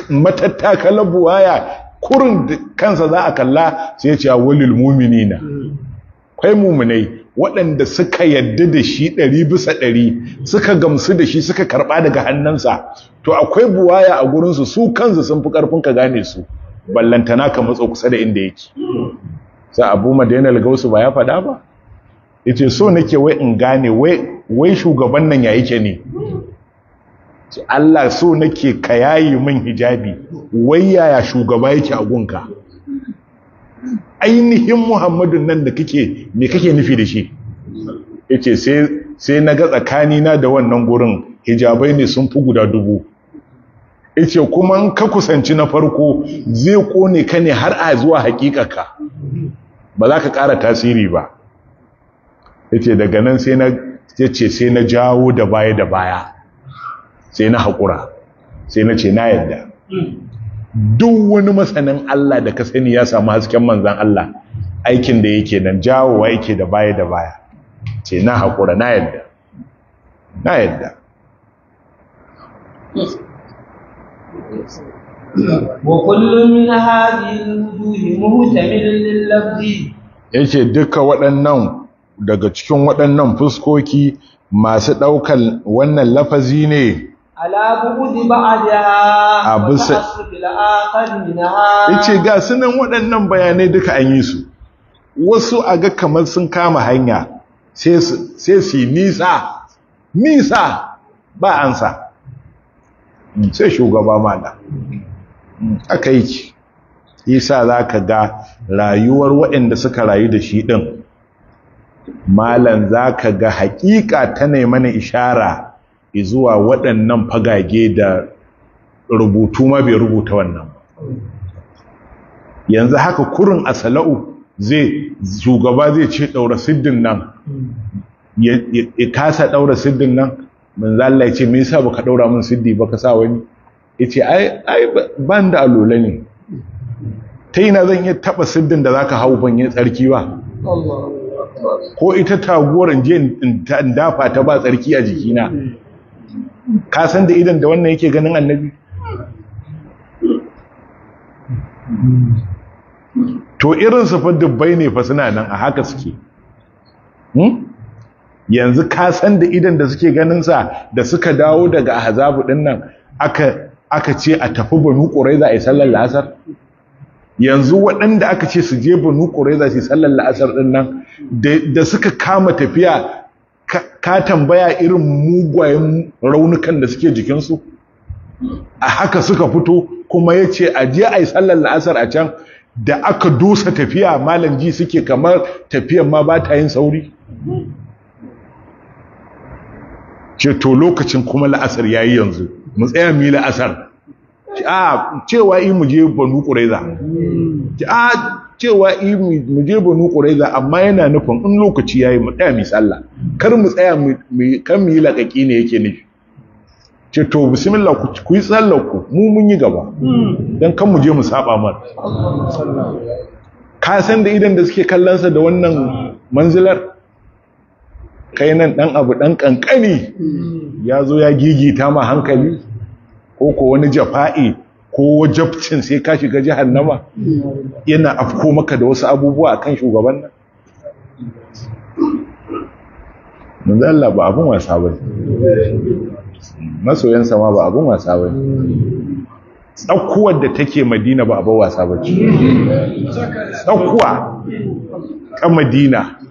matattakalar buwaya kurin kansa za a kalla sai ya ce walil mu'minina kai mu'minai waɗanda suka yadda da shi ɗari bisa ɗari suka gamsu da shi suka karɓa daga hannunsa to akwai buwaya a gurinsu su kansu sun fi ƙarfin ka gane su ballantana ka matso kusa da inda yake sa abu madaina gausu ba ya faɗa ba yace so nake wai in gane wai shugaban nan ya yake ne Allah so nake ka yayi min hijabi wai yaya shugaba yake a gunka ainihin Muhammadun nan da kake me kake nufi da shi yace sai sai naga tsakani na da wannan gurin hijabai ne sun fi guda dubu yace kuma ka kusanci na farko zai kone ka ne har a zuwa ka. ba za ka ƙara tasiri ba yace daga nan sai na ce sai na jawo da baya da baya sai na haƙura sai na ce na yadda duk wani masanin Allah da ka sani ya samu hasken manzan Allah aikin da yake nan wa yake da baya da baya ce na haƙura na yadda na yadda ya ce duka waɗannan daga cikin waɗannan fuskoki masu ɗaukar wannan lafazi ne a bisa ce ga sunan waɗannan bayanai duka an yi su wasu a ga kamar sun kama hanya sai su yi nisa nisa ba ansa sai shugaba mana aka yi ki isa za ka ga rayuwar waɗanda suka rayu da shi ɗin malan za ka ga haƙiƙa ta mana ishara zuwa waɗannan fagage da rubutu ma bai rubuta wannan yanzu haka kurin asala'u zai shugaba zai ce ɗaura siddin nan ya kasa ɗaura siddin nan manzala ya ce me yasa baka ɗaura min siddi ba ka sa wani ya ce ai ban da alola ne ta yi na zan iya taɓa siddin da za ka hau ban yi tsarki ba ko ita taguwar je in dafa ta ba tsarki a jikina ka san da idan da wannan yake ganin annabi to irin fa dubbai ne fa suna nan a haka suke hmm? yanzu ka san da idan da suke ganinsa da suka dawo daga ahazabu dinnan aka aka ce a tafi banu ƙuraiza a yi sallar la'asar yanzu waɗanda aka ce su je banu ƙuraiza su yi sallar la'asar ɗin nan da suka kama tafiya ka tambaya irin mugwayen raunukan da suke jikinsu a haka suka fito kuma ya ce a je a yi sallar la'asar a can da aka dosa tafiya malam ji suke kamar tafiyan ma ba ta yin sauri ce to lokacin kuma la'asar ya yi yanzu mu tsaya mu yi la'asar a cewa yi mu je banu ƙuraiza a cewa yi mu je banu ƙuraiza amma yana nufin in lokaci ya yi mu tsaya kar mu tsaya kan mu yi laƙaƙi ne yake nufi ce to bismillah ku yi tsallaku mu mun yi gaba don kan mu je mu saba mar ka san da idan da suke kallonsa da wannan manzilar kai nan ɗan abu ɗan ƙanƙani hmm. ya zo ya gigita ma hankali ko ko wani jafa'i ko wajabcin sai ka shiga jahannama hmm. yana afko maka da wasu abubuwa a kan shugaban nan manzo Allah ba abin wasa ba masoyan sama ba abin wasa ba tsakkuwar da take madina ba abin wasa ba ce tsakkuwa ta madina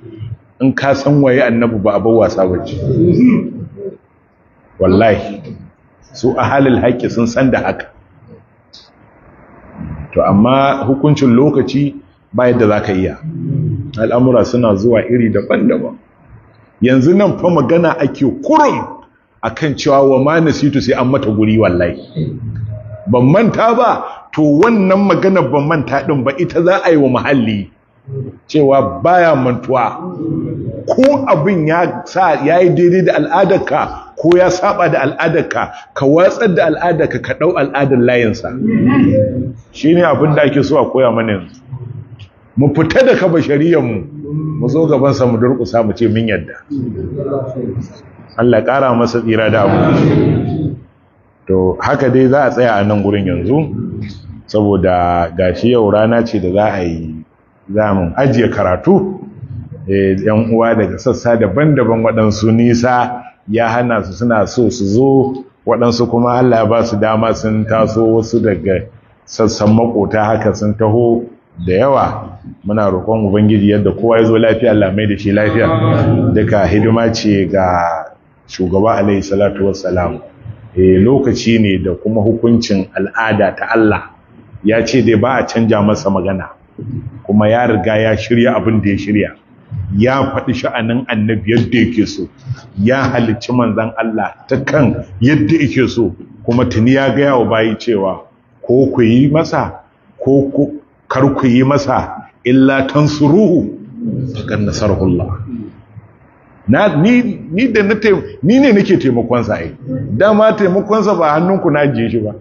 in ka san waye annabi ba abu wasa bace wallahi su halin haƙƙi sun san da haka to amma hukuncin lokaci ba yadda za ka iya al'amura suna zuwa iri daban-daban yanzu nan fa magana ake kurum akan cewa wa ma nasitu sai an mata guri wallahi ban manta ba to wannan magana ban manta din ba ita za a yi wa muhalli cewa baya mantuwa ko abin ya sa yayi daidai da al'adarka ko ya saba da al'adarka ka watsar da al'adarka ka dau al'adar layinsa shine abin da ake so a koya mana yanzu mu fita daga bashariyar mu mu zo gaban sa mu durkusa mu ce min yadda Allah ƙara masa tsira da abu to haka dai za a tsaya a nan gurin yanzu saboda gashi yau rana ce da za a yi za mu ajiye karatu eh, yan uwa daga sassa daban-daban waɗansu nisa ya hana su suna so su zo waɗansu kuma Allah ba su dama sun taso wasu daga sassan makota haka sun taho da yawa muna roƙon ubangiji yadda kowa ya zo lafiya Allah mai da shi lafiya duka hidima ce ga shugaba alaihi salatu wassalam eh lokaci ne da kuma hukuncin al'ada ta Allah ya ce dai ba a canja masa magana kuma ya riga ya shirya abin da ya shirya ya faɗi sha'anin annabi yadda yake so ya halicci manzan Allah ta kan yadda yake so kuma tuni ya gaya wa bayi cewa ko ku yi masa ko kar ku yi masa illa tansuruhu fakan nasarullah na ni ni da na ni ne nake taimakon sa ai dama taimakon sa ba hannunku na ajiye shi ba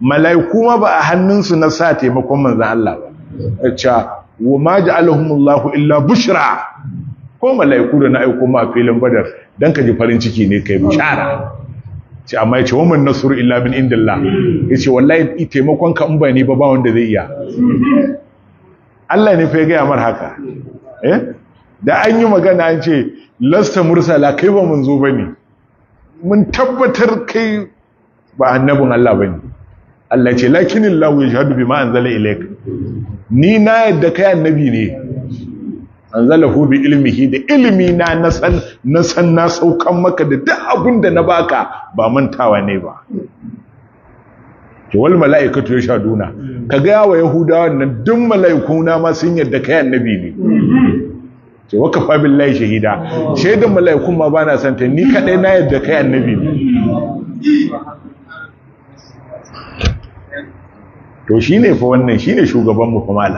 mala'iku ma ba a hannunsu na sa taimakon manzan Allah ba wa ma ja'alahumullahu illa bushra ko mala'iku da na aiko ma filin badar dan ka ji farin ciki ne kai bushara ce amma yace wa man nasru illa min indillah yace wallahi taimakon ka in ba ni ba ba wanda zai iya Allah ne fa ya gaya mar haka eh da an yi magana an ce lasta mursala kai ba mun zo bane mun tabbatar kai ba annabin Allah bane Allah ce lakinin lahu yashhadu bima zala ilayk ni na yadda kai annabi ne hu bi ilmihi da ilmi na nasan nasan na san na saukan maka da duk abin da na baka ba mantawa ne ba ke wal mala'ikatu ka ga yawa yahudawa nan duk mala'iku na ma sun yadda kai annabi ne ce waka fa billahi shahida shaidan mala'ikun ma bana santa ni kadai na yadda kai annabi ne to shi ne fa wannan shi ne shugabanmu fa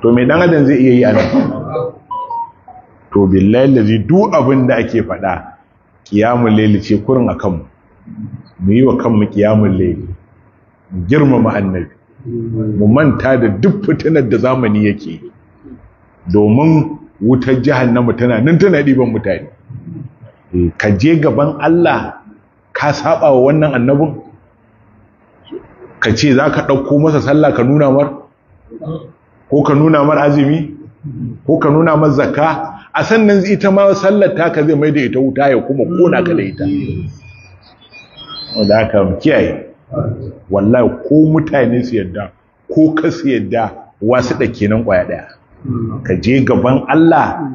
to mai dan adam zai iya yi anan to billahi lazi duk abin da ake faɗa kiyamul layli ce kurin akan mu. mu yi wa kanmu kiyamul layli mu girmama annabi mu manta da duk fitinar da zamani yake domin wutar jahannama tana nan tana diban mutane ka je gaban Allah ka saba wa wannan annabin ka ce za ka ɗauko masa sallah ka nuna mar ko ka nuna mar azumi ko ka nuna mar zakka a sannan ita ma sallar taka zai mai da ita wuta ya kuma kona ka da ita da aka kiyaye wallahi ko mutane su yadda ko ka su yadda wasu da kenan kwaya daya ka je gaban Allah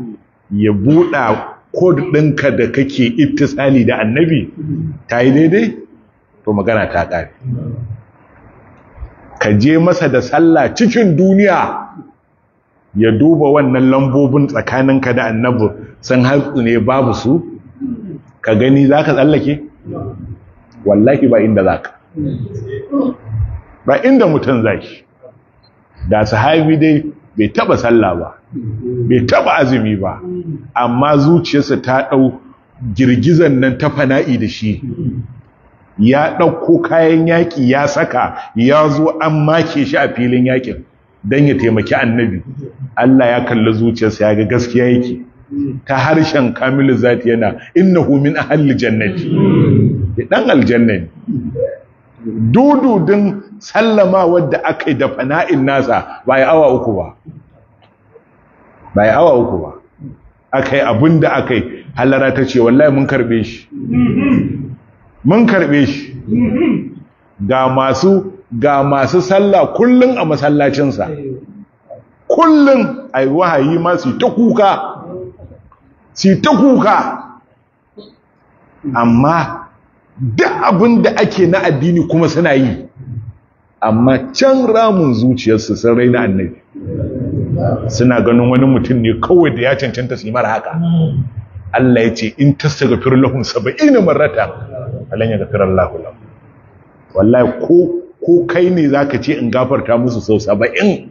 ya buɗa kod ɗinka da kake ittisali da annabi ta yi daidai to magana ta ƙare ka je masa da sallah cikin duniya ya duba wannan lambobin tsakaninka da annabi san hatsu ne babu su ka gani za ka tsallake wallahi ba inda za ka ba inda mutum za shi da sahabi dai bai taba sallah ba bai taba azumi ba amma zuciyarsa ta ɗau girgizan nan ta fana'i da shi ya ɗauko kayan yaƙi ya saka ya zo an make shi a filin yaƙin don ya taimaki annabi Allah ya kalli zuciyarsa ya ga gaskiya yake ta harshen kamilu zati yana homin a halin jannati dan aljanna ne dududin sallama wadda aka yi da fana'in nasa bai awa uku ba ya awa uku ba akai abinda akai halara ta ce wallahi mun karbe shi mun karbe shi ga masu ga masu sallah kullun a masallacinsa kullun ai wahayi ma su ta kuka su ta kuka amma duk abin da ake na addini kuma suna yi amma can ramin zuciyarsu sun raina annabi suna ganin wani mutum ne kawai da ya cancanta su yi mara haka Allah ya ce in tastaghfir lahum 70 marrata alan yaghfir Allahu lahu wallahi ko kai ne zaka ce in gafarta musu sau 70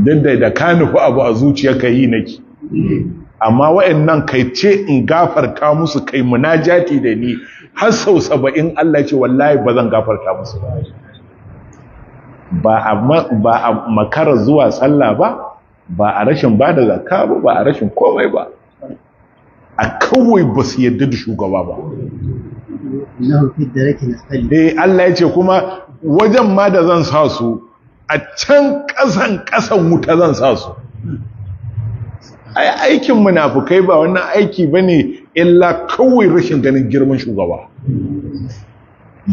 duk da da ka nufi abu a ka yi naki amma wa'annan kai ce in gafarta musu kai munajati da ni har sau 70 Allah ce wallahi ba zan gafarta musu ba ba a makara zuwa sallah ba ba a rashin ba da zakka ba ba a rashin komai ba a kawai ba su yadda da shugaba ba eh Allah ya ce kuma wajen ma da zan sa su a can ƙasan ƙasan wuta zan sa su aikin munafukai ba wannan aiki ba ne illa kawai rashin ganin girman shugaba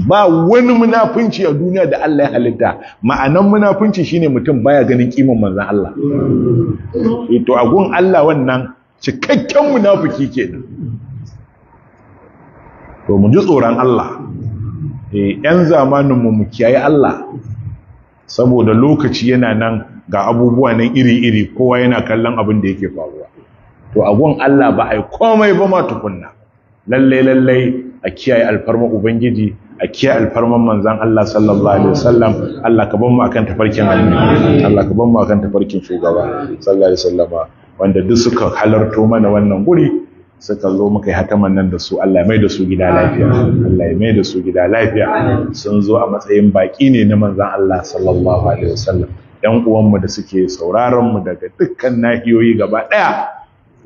ba wani munafunci a duniya da Allah ya halitta ma'anan munafunci shine mutum baya ganin kiman manzon Allah mm. eh, to agun Allah wannan cikakken munafiki kenan to mu ji tsoron Allah eh yan zamanin mu mu kiyaye Allah saboda lokaci yana nan ga abubuwa nan iri-iri kowa yana kallon abin da yake faruwa to agon Allah ba a yi komai ba ma tukunna lalle lalle a kiyaye alfarma ubangiji a kiyaye alfarman manzan Allah sallallahu alaihi wasallam Allah ka ban mu akan tafarkin annabi Allah ka ban mu akan tafarkin shugaba sallallahu alaihi wasallama wanda duk suka halarto mana wannan guri suka zo muka yi hataman nan da su Allah mai da su gida lafiya Allah ya mai da su gida lafiya sun zo a matsayin baki ne na manzan Allah sallallahu alaihi wasallam uwanmu da suke sauraron mu daga dukkan nahiyoyi gaba daya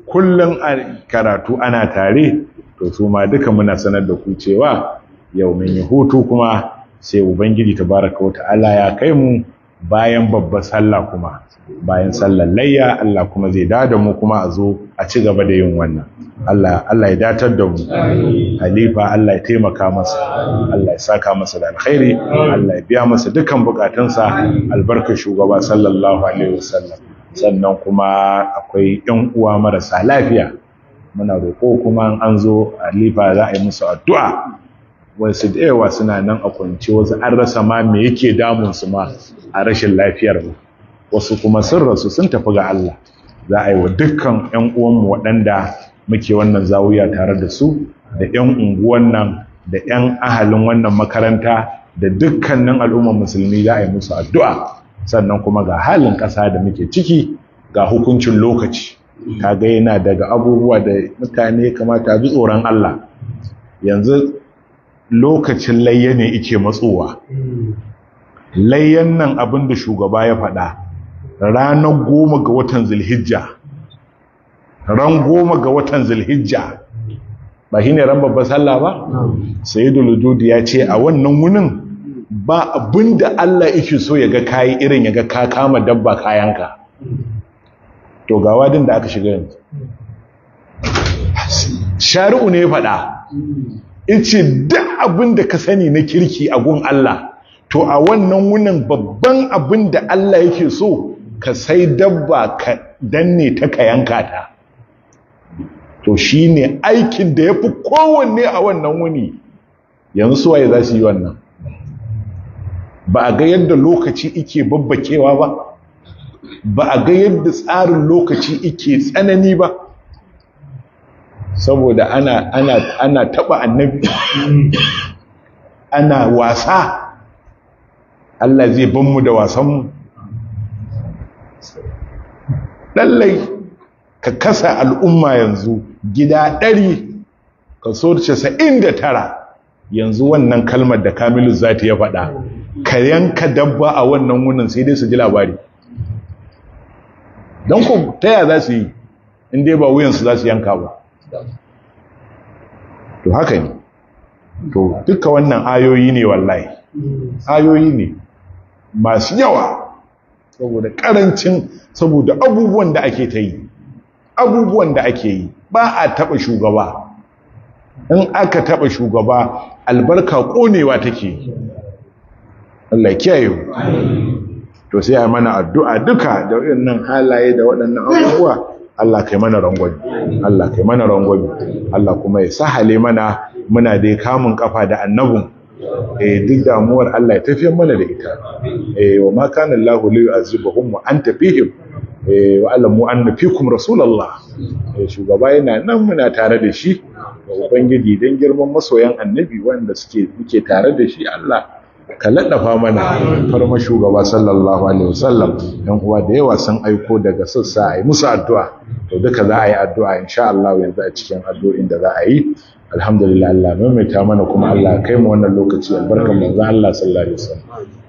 kullun karatu ana tare to su ma duka muna sanar da ku cewa yau mun yi hutu kuma sai ubangiji tabaraka wa Allah ya kai mu bayan babbar sallah kuma bayan sallar layya Allah kuma zai dada mu kuma a zo a ci gaba da yin wannan Allah Allah ya datar da mu halifa Allah ya taimaka masa Allah ya saka masa da alkhairi Allah ya biya masa dukan bukatunsa albarka shugaba sallallahu alaihi wasallam sannan kuma akwai 'yan uwa marasa lafiya muna roƙo kuma an zo halifa za a yi musu addu'a wasu da yawa suna nan a kwanci wasu an rasa ma me yake damun su ma a rashin lafiyar mu wasu kuma sun rasu sun tafi ga Allah za a yi wa dukkan ƴan uwanmu waɗanda muke wannan zawuya tare da su da ƴan unguwan nan da ƴan ahalin wannan makaranta da dukkanin al'ummar musulmi za a yi musu addu'a sannan kuma ga halin ƙasa da muke ciki ga hukuncin lokaci kaga yana daga abubuwa da mutane kamata bi tsoron Allah yanzu lokacin layya ne ike matsowa layyan nan abin da shugaba ya faɗa ranar goma ga watan zilhijja ran goma ga watan zilhijja ba shi ne ran babban sallah ba sayyidul Lududu ya ce a wannan wunin ba abinda Allah ike so ya ga kayi irin ya ga ka kama dabba kayanka to ga wadin da aka shiga yanzu shari'u ne ya faɗa Ice duk abin da ka sani na kirki a gun Allah to a wannan wunin babban abin da Allah yake so ka sai dabba ka danne ta ka yanka ta to ne aikin da ya fi kowanne a wannan wuni yanzu ya za su yi wannan ba a ga yadda lokaci ike babbakewa ba ba a ga yadda tsarin lokaci ike tsanani ba saboda ana ana ana taba annabi ana wasa Allah zai ban mu da wasan mu lalle ka kasa al'umma yanzu gida ɗari kaso tara. yanzu wannan kalmar da kamilu zati ya faɗa ka yanka dabba a wannan wunin sai dai su ji labari don ku ta za su yi inda ba wuyansu za su yanka ba to haka ne to duka wannan ayoyi ne wallahi ayoyi ne masu yawa saboda karancin saboda abubuwan da ake ta yi abubuwan da ake yi ba a taba shugaba in aka taɓa shugaba albarka konewa take Allah kiyaye to sai a mana addu'a duka da waɗannan halaye da waɗannan abubuwa Allah kai mana rangwami Allah kai mana rangwami Allah kuma ya sahale mana muna dai kamun kafa da annabun eh duk damuwar Allah ya tafiyar mana da ita eh wa ma kana Allah li yu'azibuhum wa anta fihim eh wa alamu anna fikum rasulullah eh shugaba yana nan muna tare da shi ubangiji dan girman masoyan annabi wanda suke muke tare da shi Allah ka laɗafa mana farma shugaba sallallahu alaihi wasallam yan uwa da yawa sun aiko daga sassa a musu addu'a to duka za a yi addu'a insha Allah yanzu a cikin addu'o'in da za a yi alhamdulillah Allah maimaita mana kuma Allah kai mu wannan lokaci albarkan manzo Allah sallallahu alaihi wasallam